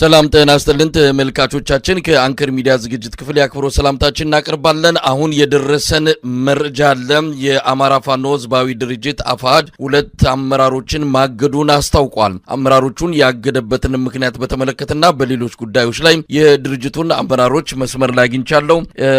ሰላም ጤና ይስጥልን ተመልካቾቻችን፣ ከአንከር ሚዲያ ዝግጅት ክፍል የአክብሮት ሰላምታችን እናቀርባለን። አሁን የደረሰን መረጃ አለ። የአማራ ፋኖ ህዝባዊ ድርጅት አፋሕድ ሁለት አመራሮችን ማገዱን አስታውቋል። አመራሮቹን ያገደበትን ምክንያት በተመለከተና በሌሎች ጉዳዮች ላይ የድርጅቱን አመራሮች መስመር ላይ አግኝቻለሁ።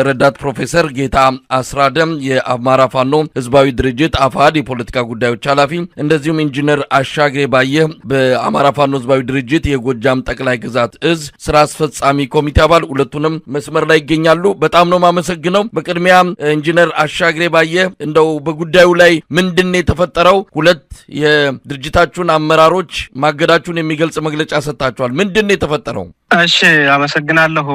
ረዳት ፕሮፌሰር ጌታ አስራደም የአማራ ፋኖ ህዝባዊ ድርጅት አፋሕድ የፖለቲካ ጉዳዮች ኃላፊ፣ እንደዚሁም ኢንጂነር አሻግሬ ባየ በአማራ ፋኖ ህዝባዊ ድርጅት የጎጃም ጠቅላይ ግዛት እዝ ስራ አስፈጻሚ ኮሚቴ አባል ሁለቱንም መስመር ላይ ይገኛሉ። በጣም ነው ማመሰግነው። በቅድሚያ ኢንጂነር አሻግሬ ባየ እንደው በጉዳዩ ላይ ምንድን የተፈጠረው? ሁለት የድርጅታችሁን አመራሮች ማገዳችሁን የሚገልጽ መግለጫ ሰጥታችኋል። ምንድን የተፈጠረው? እሺ አመሰግናለሁ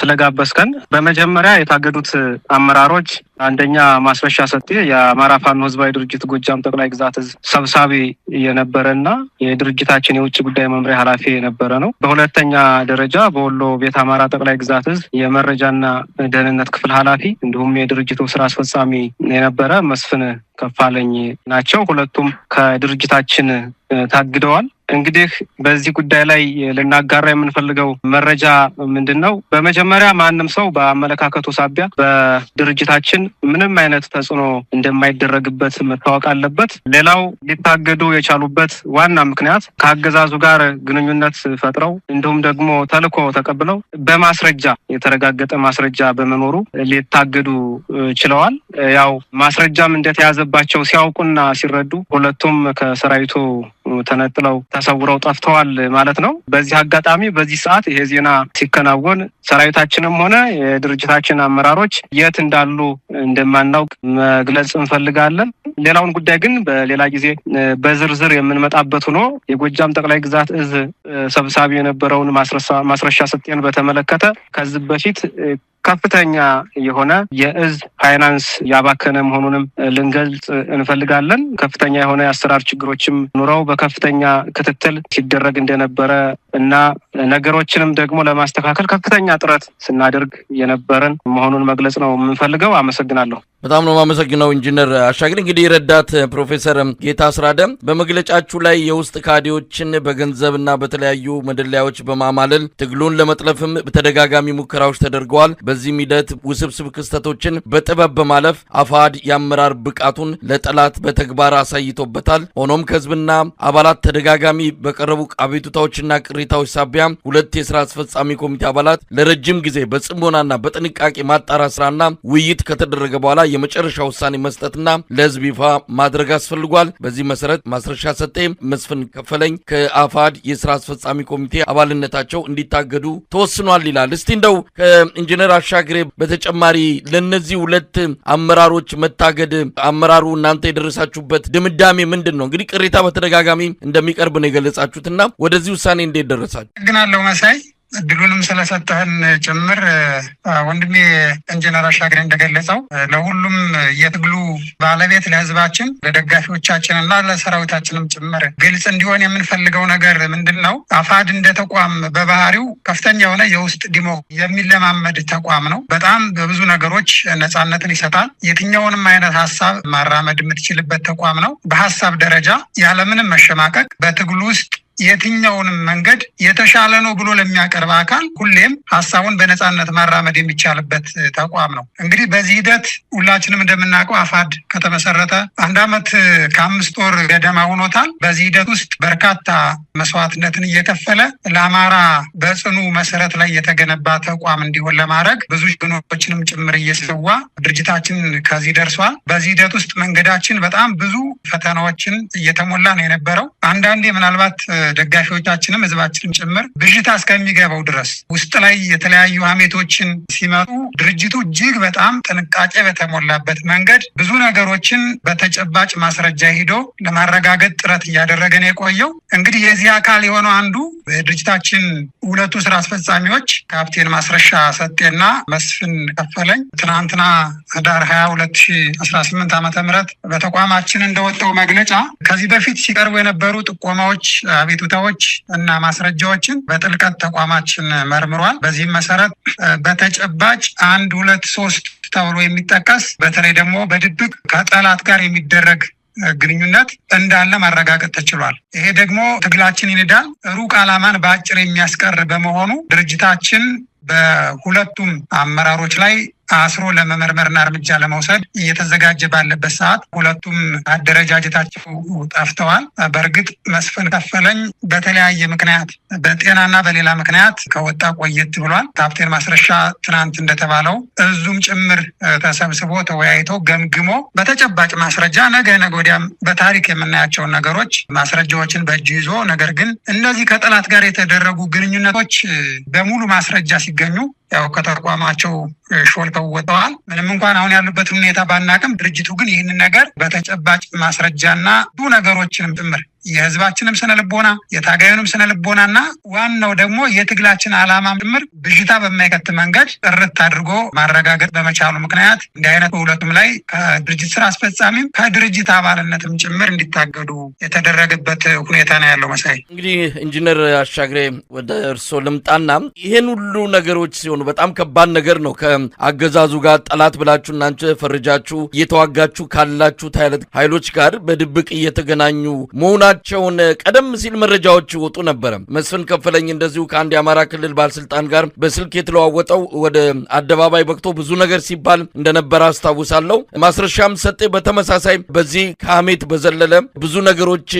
ስለጋበዝከን። በመጀመሪያ የታገዱት አመራሮች አንደኛ ማስረሻ ሰጤ የአማራ ፋኖ ህዝባዊ ድርጅት ጎጃም ጠቅላይ ግዛት ሰብሳቢ የነበረና የድርጅታችን የውጭ ጉዳይ መምሪያ ኃላፊ የነበረ ነው። በሁለተኛ ደረጃ በወሎ ቤት አማራ ጠቅላይ ግዛት ህዝብ የመረጃና ደህንነት ክፍል ኃላፊ እንዲሁም የድርጅቱ ስራ አስፈጻሚ የነበረ መስፍን ከፋለኝ ናቸው። ሁለቱም ከድርጅታችን ታግደዋል። እንግዲህ በዚህ ጉዳይ ላይ ልናጋራ የምንፈልገው መረጃ ምንድን ነው? በመጀመሪያ ማንም ሰው በአመለካከቱ ሳቢያ በድርጅታችን ምንም አይነት ተጽዕኖ እንደማይደረግበት መታወቅ አለበት። ሌላው ሊታገዱ የቻሉበት ዋና ምክንያት ከአገዛዙ ጋር ግንኙነት ፈጥረው እንዲሁም ደግሞ ተልዕኮ ተቀብለው በማስረጃ የተረጋገጠ ማስረጃ በመኖሩ ሊታገዱ ችለዋል። ያው ማስረጃም እንደተያዘባቸው ሲያውቁና ሲረዱ ሁለቱም ከሰራዊቱ ተነጥለው ተሰውረው ጠፍተዋል ማለት ነው። በዚህ አጋጣሚ በዚህ ሰዓት ይሄ ዜና ሲከናወን ሰራዊታችንም ሆነ የድርጅታችን አመራሮች የት እንዳሉ እንደማናውቅ መግለጽ እንፈልጋለን። ሌላውን ጉዳይ ግን በሌላ ጊዜ በዝርዝር የምንመጣበት ሆኖ የጎጃም ጠቅላይ ግዛት እዝ ሰብሳቢ የነበረውን ማስረሻ ሰጤን በተመለከተ ከዚህ በፊት ከፍተኛ የሆነ የእዝ ፋይናንስ ያባከነ መሆኑንም ልንገልጽ እንፈልጋለን። ከፍተኛ የሆነ የአሰራር ችግሮችም ኑረው በከፍተኛ ክትትል ሲደረግ እንደነበረ እና ነገሮችንም ደግሞ ለማስተካከል ከፍተኛ ጥረት ስናደርግ የነበረን መሆኑን መግለጽ ነው የምንፈልገው። አመሰግናለሁ። በጣም ነው የማመሰግነው ኢንጂነር አሻግር። እንግዲህ ረዳት ፕሮፌሰር ጌታ አስራደ በመግለጫችሁ ላይ የውስጥ ካድሬዎችን በገንዘብና በተለያዩ መደለያዎች በማማለል ትግሉን ለመጥለፍም በተደጋጋሚ ሙከራዎች ተደርገዋል። በዚህም ሂደት ውስብስብ ክስተቶችን በጥበብ በማለፍ አፋድ የአመራር ብቃቱን ለጠላት በተግባር አሳይቶበታል። ሆኖም ከህዝብና አባላት ተደጋጋሚ በቀረቡ አቤቱታዎችና ቅሬታዎች ሳቢያ ሁለት የስራ አስፈጻሚ ኮሚቴ አባላት ለረጅም ጊዜ በጽሞናና በጥንቃቄ ማጣራ ስራና ውይይት ከተደረገ በኋላ የመጨረሻ ውሳኔ መስጠትና ለህዝብ ይፋ ማድረግ አስፈልጓል። በዚህ መሰረት ማስረሻ ሰጤ፣ መስፍን ከፈለኝ ከአፋድ የስራ አስፈጻሚ ኮሚቴ አባልነታቸው እንዲታገዱ ተወስኗል ይላል። እስቲ እንደው ከኢንጂነር አሻግሬ በተጨማሪ ለእነዚህ ሁለት አመራሮች መታገድ አመራሩ እናንተ የደረሳችሁበት ድምዳሜ ምንድን ነው? እንግዲህ ቅሬታ በተደጋጋሚ እንደሚቀርብ ነው የገለጻችሁትና ወደዚህ ውሳኔ እንዴት ደረሳችሁ? አመሰግናለሁ መሳይ እድሉንም ስለሰጠህን ጭምር ወንድሜ ኢንጂነር አሻግሬ እንደገለጸው ለሁሉም የትግሉ ባለቤት ለህዝባችን፣ ለደጋፊዎቻችን እና ለሰራዊታችንም ጭምር ግልጽ እንዲሆን የምንፈልገው ነገር ምንድን ነው? አፋድ እንደ ተቋም በባህሪው ከፍተኛ የሆነ የውስጥ ዲሞ የሚለማመድ ተቋም ነው። በጣም በብዙ ነገሮች ነፃነትን ይሰጣል። የትኛውንም አይነት ሀሳብ ማራመድ የምትችልበት ተቋም ነው። በሀሳብ ደረጃ ያለምንም መሸማቀቅ በትግሉ ውስጥ የትኛውንም መንገድ የተሻለ ነው ብሎ ለሚያቀርብ አካል ሁሌም ሀሳቡን በነፃነት ማራመድ የሚቻልበት ተቋም ነው። እንግዲህ በዚህ ሂደት ሁላችንም እንደምናውቀው አፋድ ከተመሰረተ አንድ አመት ከአምስት ወር ገደማ ሆኖታል። በዚህ ሂደት ውስጥ በርካታ መስዋዕትነትን እየከፈለ ለአማራ በጽኑ መሰረት ላይ የተገነባ ተቋም እንዲሆን ለማድረግ ብዙ ጀግኖችንም ጭምር እየሰዋ ድርጅታችን ከዚህ ደርሷል። በዚህ ሂደት ውስጥ መንገዳችን በጣም ብዙ ፈተናዎችን እየተሞላ ነው የነበረው። አንዳንዴ ምናልባት ደጋፊዎቻችንም ህዝባችንም ጭምር ብዥታ እስከሚገባው ድረስ ውስጥ ላይ የተለያዩ ሀሜቶችን ሲመጡ ድርጅቱ እጅግ በጣም ጥንቃቄ በተሞላበት መንገድ ብዙ ነገሮችን በተጨባጭ ማስረጃ ሂዶ ለማረጋገጥ ጥረት እያደረገ ነው የቆየው። እንግዲህ የዚህ አካል የሆነው አንዱ የድርጅታችን ሁለቱ ስራ አስፈጻሚዎች ካፕቴን ማስረሻ ሰጤና መስፍን ከፈለኝ ትናንትና ህዳር ሀያ ሁለት ሺ አስራ ስምንት ዓመተ ምህረት በተቋማችን እንደወጣው መግለጫ ከዚህ በፊት ሲቀርቡ የነበሩ ጥቆማዎች አቤት አቤቱታዎች እና ማስረጃዎችን በጥልቀት ተቋማችን መርምሯል። በዚህም መሰረት በተጨባጭ አንድ ሁለት ሶስት ተብሎ የሚጠቀስ በተለይ ደግሞ በድብቅ ከጠላት ጋር የሚደረግ ግንኙነት እንዳለ ማረጋገጥ ተችሏል። ይሄ ደግሞ ትግላችን ይንዳል፣ ሩቅ ዓላማን በአጭር የሚያስቀር በመሆኑ ድርጅታችን በሁለቱም አመራሮች ላይ አስሮ ለመመርመርና እርምጃ ለመውሰድ እየተዘጋጀ ባለበት ሰዓት ሁለቱም አደረጃጀታቸው ጠፍተዋል። በእርግጥ መስፍን ከፈለኝ በተለያየ ምክንያት በጤናና በሌላ ምክንያት ከወጣ ቆየት ብሏል። ካፕቴን ማስረሻ ትናንት እንደተባለው እዙም ጭምር ተሰብስቦ ተወያይቶ ገምግሞ በተጨባጭ ማስረጃ ነገ ነገ ወዲያም በታሪክ የምናያቸውን ነገሮች ማስረጃዎችን በእጅ ይዞ ነገር ግን እነዚህ ከጠላት ጋር የተደረጉ ግንኙነቶች በሙሉ ማስረጃ ሲገኙ ያው ከተቋማቸው ሾልከው ወጥተዋል። ምንም እንኳን አሁን ያሉበትን ሁኔታ ባናቅም ድርጅቱ ግን ይህንን ነገር በተጨባጭ ማስረጃና ብዙ ነገሮችንም ጭምር የህዝባችንም ስነ ልቦና የታጋዩንም ስነ ልቦና እና ዋናው ደግሞ የትግላችን አላማ ጭምር ብዥታ በማይከት መንገድ ጥርት አድርጎ ማረጋገጥ በመቻሉ ምክንያት እንዲህ አይነት በሁለቱም ላይ ከድርጅት ስራ አስፈጻሚም ከድርጅት አባልነትም ጭምር እንዲታገዱ የተደረገበት ሁኔታ ነው ያለው። መሳይ እንግዲህ ኢንጂነር አሻግሬ ወደ እርስዎ ልምጣና ይህን ሁሉ ነገሮች ሲሆኑ በጣም ከባድ ነገር ነው ከአገዛዙ ጋር ጠላት ብላችሁ እናንተ ፈርጃችሁ እየተዋጋችሁ ካላችሁ ኃይሎች ጋር በድብቅ እየተገናኙ መሆና መሆናቸውን ቀደም ሲል መረጃዎች ወጡ ነበረ። መስፍን ከፈለኝ እንደዚሁ ከአንድ የአማራ ክልል ባለስልጣን ጋር በስልክ የተለዋወጠው ወደ አደባባይ በቅቶ ብዙ ነገር ሲባል እንደነበረ አስታውሳለሁ። ማስረሻም ሰጤ በተመሳሳይ በዚህ ከሐሜት በዘለለ ብዙ ነገሮች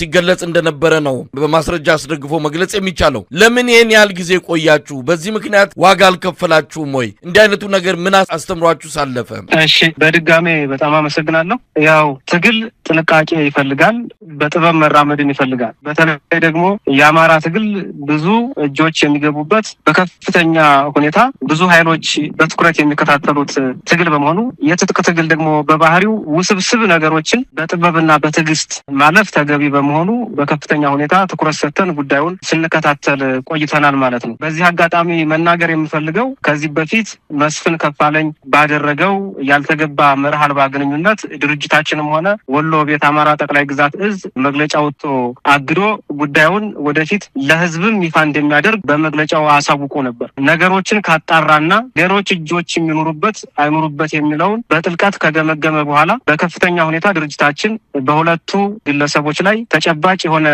ሲገለጽ እንደነበረ ነው በማስረጃ አስደግፎ መግለጽ የሚቻለው። ለምን ይህን ያህል ጊዜ ቆያችሁ? በዚህ ምክንያት ዋጋ አልከፈላችሁም ወይ? እንዲህ አይነቱ ነገር ምን አስተምሯችሁ ሳለፈ? እሺ፣ በድጋሜ በጣም አመሰግናለሁ። ያው ትግል ጥንቃቄ ይፈልጋል። በጥበብ አሁንም መራመድን ይፈልጋል። በተለይ ደግሞ የአማራ ትግል ብዙ እጆች የሚገቡበት በከፍተኛ ሁኔታ ብዙ ኃይሎች በትኩረት የሚከታተሉት ትግል በመሆኑ የትጥቅ ትግል ደግሞ በባህሪው ውስብስብ ነገሮችን በጥበብና በትዕግስት ማለፍ ተገቢ በመሆኑ በከፍተኛ ሁኔታ ትኩረት ሰጥተን ጉዳዩን ስንከታተል ቆይተናል ማለት ነው። በዚህ አጋጣሚ መናገር የምፈልገው ከዚህ በፊት መስፍን ከፋለኝ ባደረገው ያልተገባ መርህ አልባ ግንኙነት ድርጅታችንም ሆነ ወሎ ቤት አማራ ጠቅላይ ግዛት እዝ መግለ መግለጫ ወጥቶ አግዶ ጉዳዩን ወደፊት ለህዝብም ይፋ እንደሚያደርግ በመግለጫው አሳውቆ ነበር። ነገሮችን ካጣራና ሌሎች እጆች የሚኖሩበት አይኖሩበት የሚለውን በጥልቀት ከገመገመ በኋላ በከፍተኛ ሁኔታ ድርጅታችን በሁለቱ ግለሰቦች ላይ ተጨባጭ የሆነ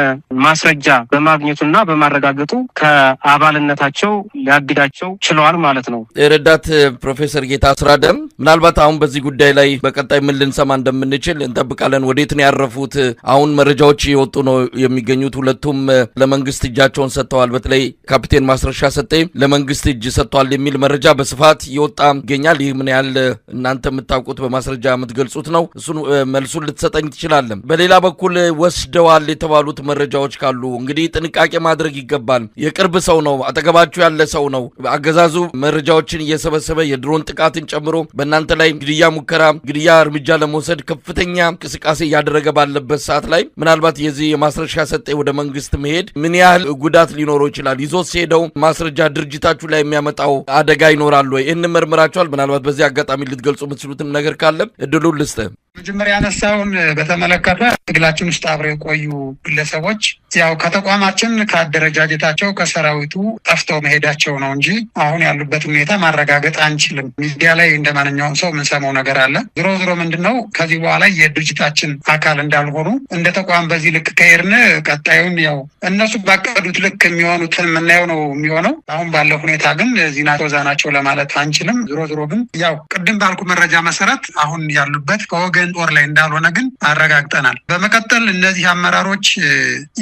ማስረጃ በማግኘቱና በማረጋገጡ ከአባልነታቸው ሊያግዳቸው ችለዋል ማለት ነው። ረዳት ፕሮፌሰር ጌታ ስራደም ምናልባት አሁን በዚህ ጉዳይ ላይ በቀጣይ ምን ልንሰማ እንደምንችል እንጠብቃለን። ወዴት ነው ያረፉት? አሁን መረጃዎች የወጡ ነው የሚገኙት። ሁለቱም ለመንግስት እጃቸውን ሰጥተዋል። በተለይ ካፒቴን ማስረሻ ሰጤ ለመንግስት እጅ ሰጥተዋል የሚል መረጃ በስፋት የወጣ ይገኛል። ይህ ምን ያህል እናንተ የምታውቁት በማስረጃ የምትገልጹት ነው። እሱን መልሱን ልትሰጠኝ ትችላለን። በሌላ በኩል ወስደዋል የተባሉት መረጃዎች ካሉ እንግዲህ ጥንቃቄ ማድረግ ይገባል። የቅርብ ሰው ነው፣ አጠገባችሁ ያለ ሰው ነው። አገዛዙ መረጃዎችን እየሰበሰበ የድሮን ጥቃትን ጨምሮ በእናንተ ላይ ግድያ ሙከራ፣ ግድያ እርምጃ ለመውሰድ ከፍተኛ እንቅስቃሴ እያደረገ ባለበት ሰዓት ላይ ምናልባት ምናልባት የዚህ የማስረሻ ሰጠ ወደ መንግስት መሄድ ምን ያህል ጉዳት ሊኖረው ይችላል? ይዞ ሲሄደው ማስረጃ ድርጅታችሁ ላይ የሚያመጣው አደጋ ይኖራል ወይ? ይህን መርምራችኋል? ምናልባት በዚህ አጋጣሚ ልትገልጹ የምትችሉትም ነገር ካለ እድሉን ልስጥ። መጀመሪያ ያነሳውን በተመለከተ ትግላችን ውስጥ አብረው የቆዩ ግለሰቦች ያው ከተቋማችን ከአደረጃጀታቸው ከሰራዊቱ ጠፍተው መሄዳቸው ነው እንጂ አሁን ያሉበት ሁኔታ ማረጋገጥ አንችልም። ሚዲያ ላይ እንደ ማንኛውም ሰው የምንሰማው ነገር አለ። ዝሮ ዝሮ ምንድን ነው ከዚህ በኋላ የድርጅታችን አካል እንዳልሆኑ እንደ ተቋም በዚህ ልክ ከሄድን ቀጣዩን ያው እነሱ ባቀዱት ልክ የሚሆኑትን የምናየው ነው የሚሆነው። አሁን ባለው ሁኔታ ግን ዜና ዛ ናቸው ለማለት አንችልም። ዝሮ ዝሮ ግን ያው ቅድም ባልኩ መረጃ መሰረት አሁን ያሉበት ከወገ ዩክሬን ጦር ላይ እንዳልሆነ ግን አረጋግጠናል። በመቀጠል እነዚህ አመራሮች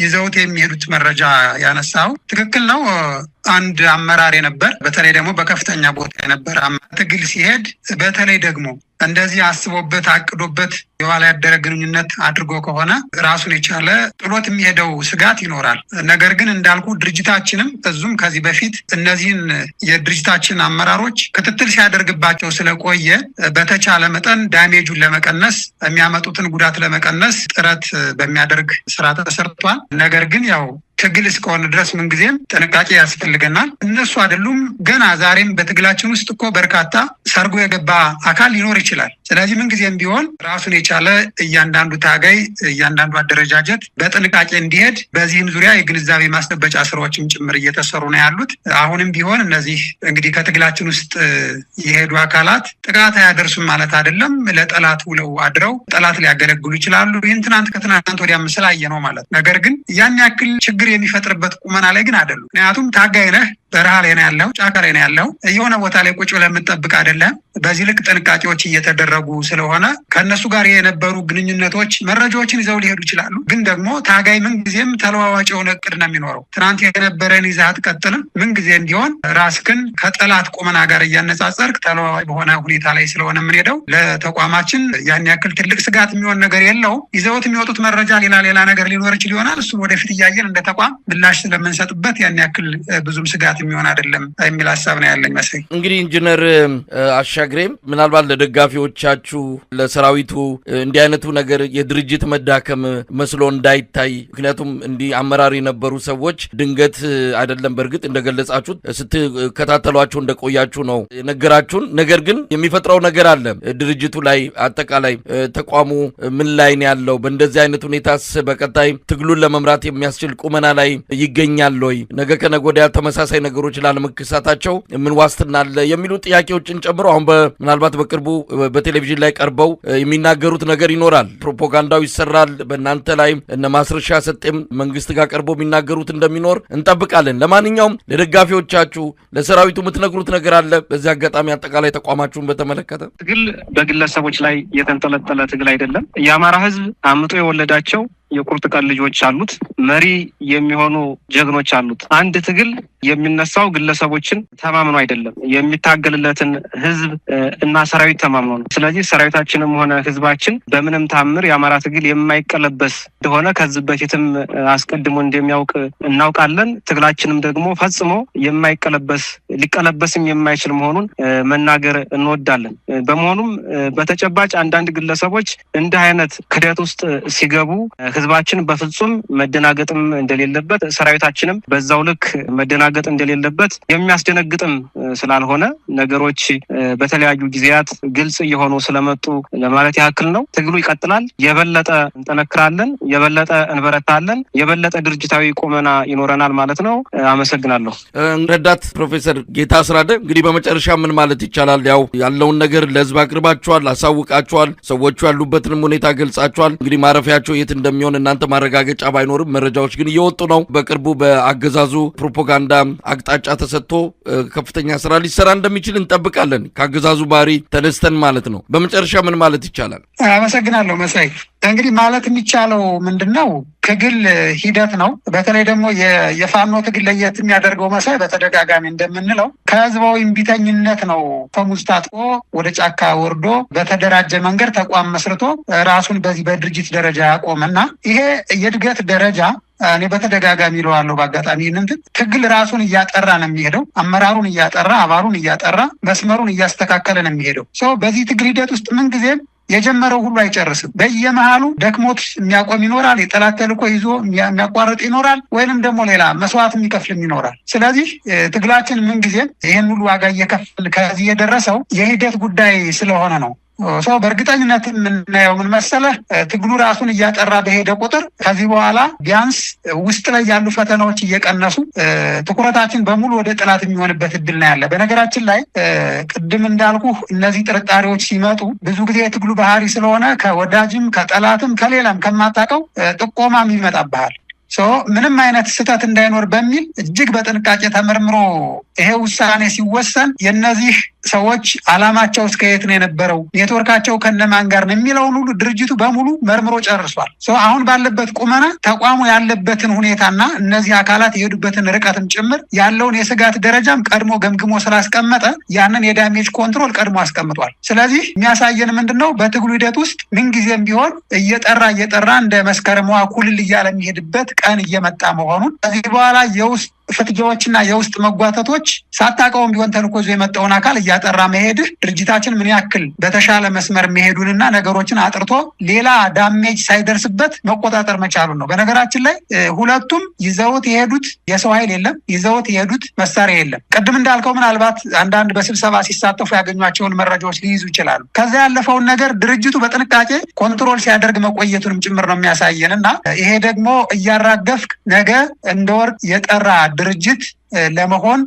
ይዘውት የሚሄዱት መረጃ ያነሳው ትክክል ነው። አንድ አመራር የነበር በተለይ ደግሞ በከፍተኛ ቦታ የነበር ትግል ሲሄድ በተለይ ደግሞ እንደዚህ አስቦበት አቅዶበት የኋላ ያደረ ግንኙነት አድርጎ ከሆነ ራሱን የቻለ ጥሎት የሚሄደው ስጋት ይኖራል። ነገር ግን እንዳልኩ ድርጅታችንም እዙም ከዚህ በፊት እነዚህን የድርጅታችን አመራሮች ክትትል ሲያደርግባቸው ስለቆየ በተቻለ መጠን ዳሜጁን ለመቀነስ የሚያመጡትን ጉዳት ለመቀነስ ጥረት በሚያደርግ ስራ ተሰርቷል። ነገር ግን ያው ትግል እስከሆነ ድረስ ምንጊዜም ጥንቃቄ ያስፈልገናል። እነሱ አይደሉም ገና ዛሬም በትግላችን ውስጥ እኮ በርካታ ሰርጎ የገባ አካል ሊኖር ይችላል። ስለዚህ ምንጊዜም ቢሆን ራሱን የቻለ እያንዳንዱ ታጋይ፣ እያንዳንዱ አደረጃጀት በጥንቃቄ እንዲሄድ በዚህም ዙሪያ የግንዛቤ ማስጨበጫ ስራዎችም ጭምር እየተሰሩ ነው ያሉት። አሁንም ቢሆን እነዚህ እንግዲህ ከትግላችን ውስጥ የሄዱ አካላት ጥቃት አያደርሱም ማለት አይደለም። ለጠላት ውለው አድረው ጠላት ሊያገለግሉ ይችላሉ። ይህን ትናንት ከትናንት ወዲያ ምስል አየ ነው ማለት ነገር ግን ያን ያክል ችግር የሚፈጥርበት ቁመና ላይ ግን አይደሉም። ምክንያቱም ታጋይ ነህ፣ በረሃ ላይ ነው ያለው፣ ጫካ ላይ ነው ያለው። የሆነ ቦታ ላይ ቁጭ ብለህ የምትጠብቅ አይደለም። በዚህ ልክ ጥንቃቄዎች እየተደረጉ ስለሆነ ከእነሱ ጋር የነበሩ ግንኙነቶች መረጃዎችን ይዘው ሊሄዱ ይችላሉ። ግን ደግሞ ታጋይ ምንጊዜም ተለዋዋጭ የሆነ እቅድ ነው የሚኖረው። ትናንት የነበረን ይዘህ አትቀጥልም። ምንጊዜ እንዲሆን ራስክን ከጠላት ቁመና ጋር እያነጻጸርክ ተለዋዋጭ በሆነ ሁኔታ ላይ ስለሆነ የምንሄደው ለተቋማችን ያን ያክል ትልቅ ስጋት የሚሆን ነገር የለውም። ይዘውት የሚወጡት መረጃ ሌላ ሌላ ነገር ሊኖር ይችል ይሆናል። እሱን ወደፊት እያየን እንደ ተቋም ምላሽ ስለምንሰጥበት ያን ያክል ብዙም ስጋት የሚሆን አይደለም የሚል ሀሳብ ነው ያለኝ። መሰለኝ እንግዲህ ኢንጂነር አሻግሬም ምናልባት ለደጋፊዎቻችሁ፣ ለሰራዊቱ እንዲህ አይነቱ ነገር የድርጅት መዳከም መስሎ እንዳይታይ ምክንያቱም እንዲህ አመራር የነበሩ ሰዎች ድንገት አይደለም በእርግጥ እንደገለጻችሁት ስትከታተሏችሁ እንደቆያችሁ ነው የነገራችሁን። ነገር ግን የሚፈጥረው ነገር አለ ድርጅቱ ላይ አጠቃላይ ተቋሙ ምን ላይ ነው ያለው በእንደዚህ አይነት ሁኔታስ በቀጣይ ትግሉን ለመምራት የሚያስችል ቁመ ጎዳና ላይ ይገኛል ወይ? ነገ ከነገ ወዲያ ተመሳሳይ ነገሮች ላለመከሰታቸው ምን ዋስትና አለ? የሚሉ ጥያቄዎችን ጨምሮ አሁን ምናልባት በቅርቡ በቴሌቪዥን ላይ ቀርበው የሚናገሩት ነገር ይኖራል። ፕሮፓጋንዳው ይሰራል። በእናንተ ላይ እነ ማስረሻ ሰጤም መንግስት ጋር ቀርበው የሚናገሩት እንደሚኖር እንጠብቃለን። ለማንኛውም ለደጋፊዎቻችሁ፣ ለሰራዊቱ የምትነግሩት ነገር አለ? በዚህ አጋጣሚ አጠቃላይ ተቋማችሁን በተመለከተ ትግል በግለሰቦች ላይ የተንጠለጠለ ትግል አይደለም። የአማራ ህዝብ አምጦ የወለዳቸው የቁርጥ ቀን ልጆች አሉት፣ መሪ የሚሆኑ ጀግኖች አሉት። አንድ ትግል የሚነሳው ግለሰቦችን ተማምኖ አይደለም፣ የሚታገልለትን ህዝብ እና ሰራዊት ተማምኖ ነው። ስለዚህ ሰራዊታችንም ሆነ ህዝባችን በምንም ታምር የአማራ ትግል የማይቀለበስ እንደሆነ ከዚህ በፊትም አስቀድሞ እንደሚያውቅ እናውቃለን። ትግላችንም ደግሞ ፈጽሞ የማይቀለበስ ሊቀለበስም የማይችል መሆኑን መናገር እንወዳለን። በመሆኑም በተጨባጭ አንዳንድ ግለሰቦች እንዲህ አይነት ክደት ውስጥ ሲገቡ ህዝባችን በፍጹም መደናገጥም እንደሌለበት፣ ሰራዊታችንም በዛው ልክ መደናገጥ እንደሌለበት የሚያስደነግጥም ስላልሆነ ነገሮች በተለያዩ ጊዜያት ግልጽ እየሆኑ ስለመጡ ለማለት ያክል ነው። ትግሉ ይቀጥላል። የበለጠ እንጠነክራለን፣ የበለጠ እንበረታለን፣ የበለጠ ድርጅታዊ ቁመና ይኖረናል ማለት ነው። አመሰግናለሁ። ረዳት ፕሮፌሰር ጌታ አስራደ እንግዲህ በመጨረሻ ምን ማለት ይቻላል? ያው ያለውን ነገር ለህዝብ አቅርባችኋል፣ አሳውቃችኋል፣ ሰዎቹ ያሉበትንም ሁኔታ ገልጻችኋል። እንግዲህ ማረፊያቸው የት እንደሚሆን አሁን እናንተ ማረጋገጫ ባይኖርም መረጃዎች ግን እየወጡ ነው። በቅርቡ በአገዛዙ ፕሮፓጋንዳ አቅጣጫ ተሰጥቶ ከፍተኛ ስራ ሊሰራ እንደሚችል እንጠብቃለን። ከአገዛዙ ባህሪ ተነስተን ማለት ነው። በመጨረሻ ምን ማለት ይቻላል? አመሰግናለሁ መሳይ። እንግዲህ ማለት የሚቻለው ምንድን ነው? ትግል ሂደት ነው። በተለይ ደግሞ የፋኖ ትግል ለየት የሚያደርገው መሳይ በተደጋጋሚ እንደምንለው ከህዝባዊ እምቢተኝነት ነው። ተሙዝ ታጥቆ ወደ ጫካ ወርዶ በተደራጀ መንገድ ተቋም መስርቶ ራሱን በዚህ በድርጅት ደረጃ ያቆመና ይሄ የእድገት ደረጃ እኔ በተደጋጋሚ ይለዋለሁ። በአጋጣሚ እንትን ትግል ራሱን እያጠራ ነው የሚሄደው። አመራሩን እያጠራ፣ አባሩን እያጠራ፣ መስመሩን እያስተካከለ ነው የሚሄደው። በዚህ ትግል ሂደት ውስጥ ምንጊዜም የጀመረው ሁሉ አይጨርስም። በየመሃሉ ደክሞት የሚያቆም ይኖራል። የጠላት ተልዕኮ ይዞ የሚያቋርጥ ይኖራል። ወይንም ደግሞ ሌላ መስዋዕት የሚከፍልም ይኖራል። ስለዚህ ትግላችን ምንጊዜም ይህን ሁሉ ዋጋ እየከፍል ከዚህ የደረሰው የሂደት ጉዳይ ስለሆነ ነው። ሰው በእርግጠኝነት የምናየው ምን መሰለ ትግሉ ራሱን እያጠራ በሄደ ቁጥር ከዚህ በኋላ ቢያንስ ውስጥ ላይ ያሉ ፈተናዎች እየቀነሱ ትኩረታችን በሙሉ ወደ ጥናት የሚሆንበት እድል ና ያለ። በነገራችን ላይ ቅድም እንዳልኩ እነዚህ ጥርጣሬዎች ሲመጡ ብዙ ጊዜ የትግሉ ባህሪ ስለሆነ ከወዳጅም ከጠላትም ከሌላም ከማታቀው ጥቆማም ይመጣብሃል። ምንም አይነት ስህተት እንዳይኖር በሚል እጅግ በጥንቃቄ ተመርምሮ ይሄ ውሳኔ ሲወሰን የእነዚህ ሰዎች አላማቸው እስከየት ነው የነበረው፣ ኔትወርካቸው ከነማን ጋር ነው የሚለውን ሁሉ ድርጅቱ በሙሉ መርምሮ ጨርሷል። አሁን ባለበት ቁመና ተቋሙ ያለበትን ሁኔታና እነዚህ አካላት የሄዱበትን ርቀትም ጭምር ያለውን የስጋት ደረጃም ቀድሞ ገምግሞ ስላስቀመጠ ያንን የዳሜጅ ኮንትሮል ቀድሞ አስቀምጧል። ስለዚህ የሚያሳየን ምንድን ነው? በትግሉ ሂደት ውስጥ ምንጊዜም ቢሆን እየጠራ እየጠራ እንደ መስከረም ኩልል እያለ የሚሄድበት ቀን እየመጣ መሆኑን ከዚህ በኋላ የውስጥ ፍትጊያዎችና የውስጥ መጓተቶች ሳታቀውም ቢሆን ተንኮዞ የመጣውን አካል እያጠራ መሄድህ ድርጅታችን ምን ያክል በተሻለ መስመር መሄዱንና ነገሮችን አጥርቶ ሌላ ዳሜጅ ሳይደርስበት መቆጣጠር መቻሉን ነው። በነገራችን ላይ ሁለቱም ይዘውት የሄዱት የሰው ኃይል የለም፣ ይዘውት የሄዱት መሳሪያ የለም። ቅድም እንዳልከው ምናልባት አንዳንድ በስብሰባ ሲሳተፉ ያገኟቸውን መረጃዎች ሊይዙ ይችላሉ። ከዛ ያለፈውን ነገር ድርጅቱ በጥንቃቄ ኮንትሮል ሲያደርግ መቆየቱንም ጭምር ነው የሚያሳየን እና ይሄ ደግሞ እያራገፍክ ነገ እንደወር የጠራ ቢያደራጅት ለመሆን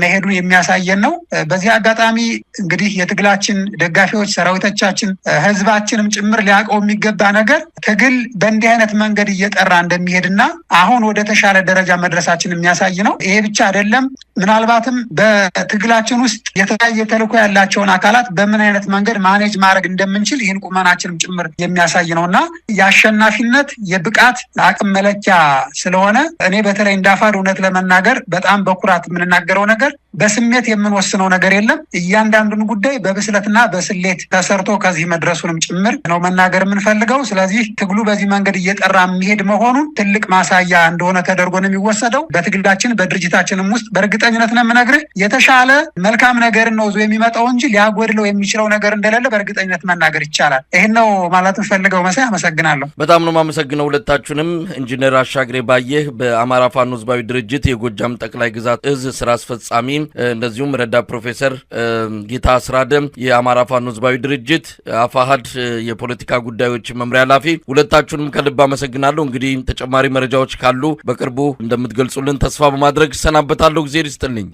መሄዱን የሚያሳየን ነው። በዚህ አጋጣሚ እንግዲህ የትግላችን ደጋፊዎች፣ ሰራዊቶቻችን፣ ህዝባችንም ጭምር ሊያውቀው የሚገባ ነገር ትግል በእንዲህ አይነት መንገድ እየጠራ እንደሚሄድና አሁን ወደ ተሻለ ደረጃ መድረሳችን የሚያሳይ ነው። ይሄ ብቻ አይደለም። ምናልባትም በትግላችን ውስጥ የተለያየ ተልዕኮ ያላቸውን አካላት በምን አይነት መንገድ ማኔጅ ማድረግ እንደምንችል ይህን ቁመናችንም ጭምር የሚያሳይ ነው እና የአሸናፊነት የብቃት አቅም መለኪያ ስለሆነ እኔ በተለይ እንዳፋድ እውነት ለመናገር በጣም በኩራት የምንናገረው ነገር በስሜት የምንወስነው ነገር የለም። እያንዳንዱን ጉዳይ በብስለትና በስሌት ተሰርቶ ከዚህ መድረሱንም ጭምር ነው መናገር የምንፈልገው። ስለዚህ ትግሉ በዚህ መንገድ እየጠራ የሚሄድ መሆኑን ትልቅ ማሳያ እንደሆነ ተደርጎ ነው የሚወሰደው። በትግላችን በድርጅታችንም ውስጥ በእርግጠኝነት ነው የምነግርህ የተሻለ መልካም ነገርን ነው ዞ የሚመጣው እንጂ ሊያጎድለው የሚችለው ነገር እንደሌለ በእርግጠኝነት መናገር ይቻላል። ይህን ነው ማለት ፈልገው። መሳይ አመሰግናለሁ። በጣም ነው የማመሰግነው ሁለታችሁንም። ኢንጂነር አሻግሬ ባየህ በአማራ ፋኖ ህዝባዊ ድርጅት የጎጃም ጠቅላይ ግዛት እዝ ስራ አስፈጻሚ እንደዚሁም ረዳት ፕሮፌሰር ጌታ ስራደም የአማራ ፋኖ ህዝባዊ ድርጅት አፋሀድ የፖለቲካ ጉዳዮች መምሪያ ኃላፊ፣ ሁለታችሁንም ከልብ አመሰግናለሁ። እንግዲህ ተጨማሪ መረጃዎች ካሉ በቅርቡ እንደምትገልጹልን ተስፋ በማድረግ እሰናበታለሁ። ጊዜ ይስጥልኝ።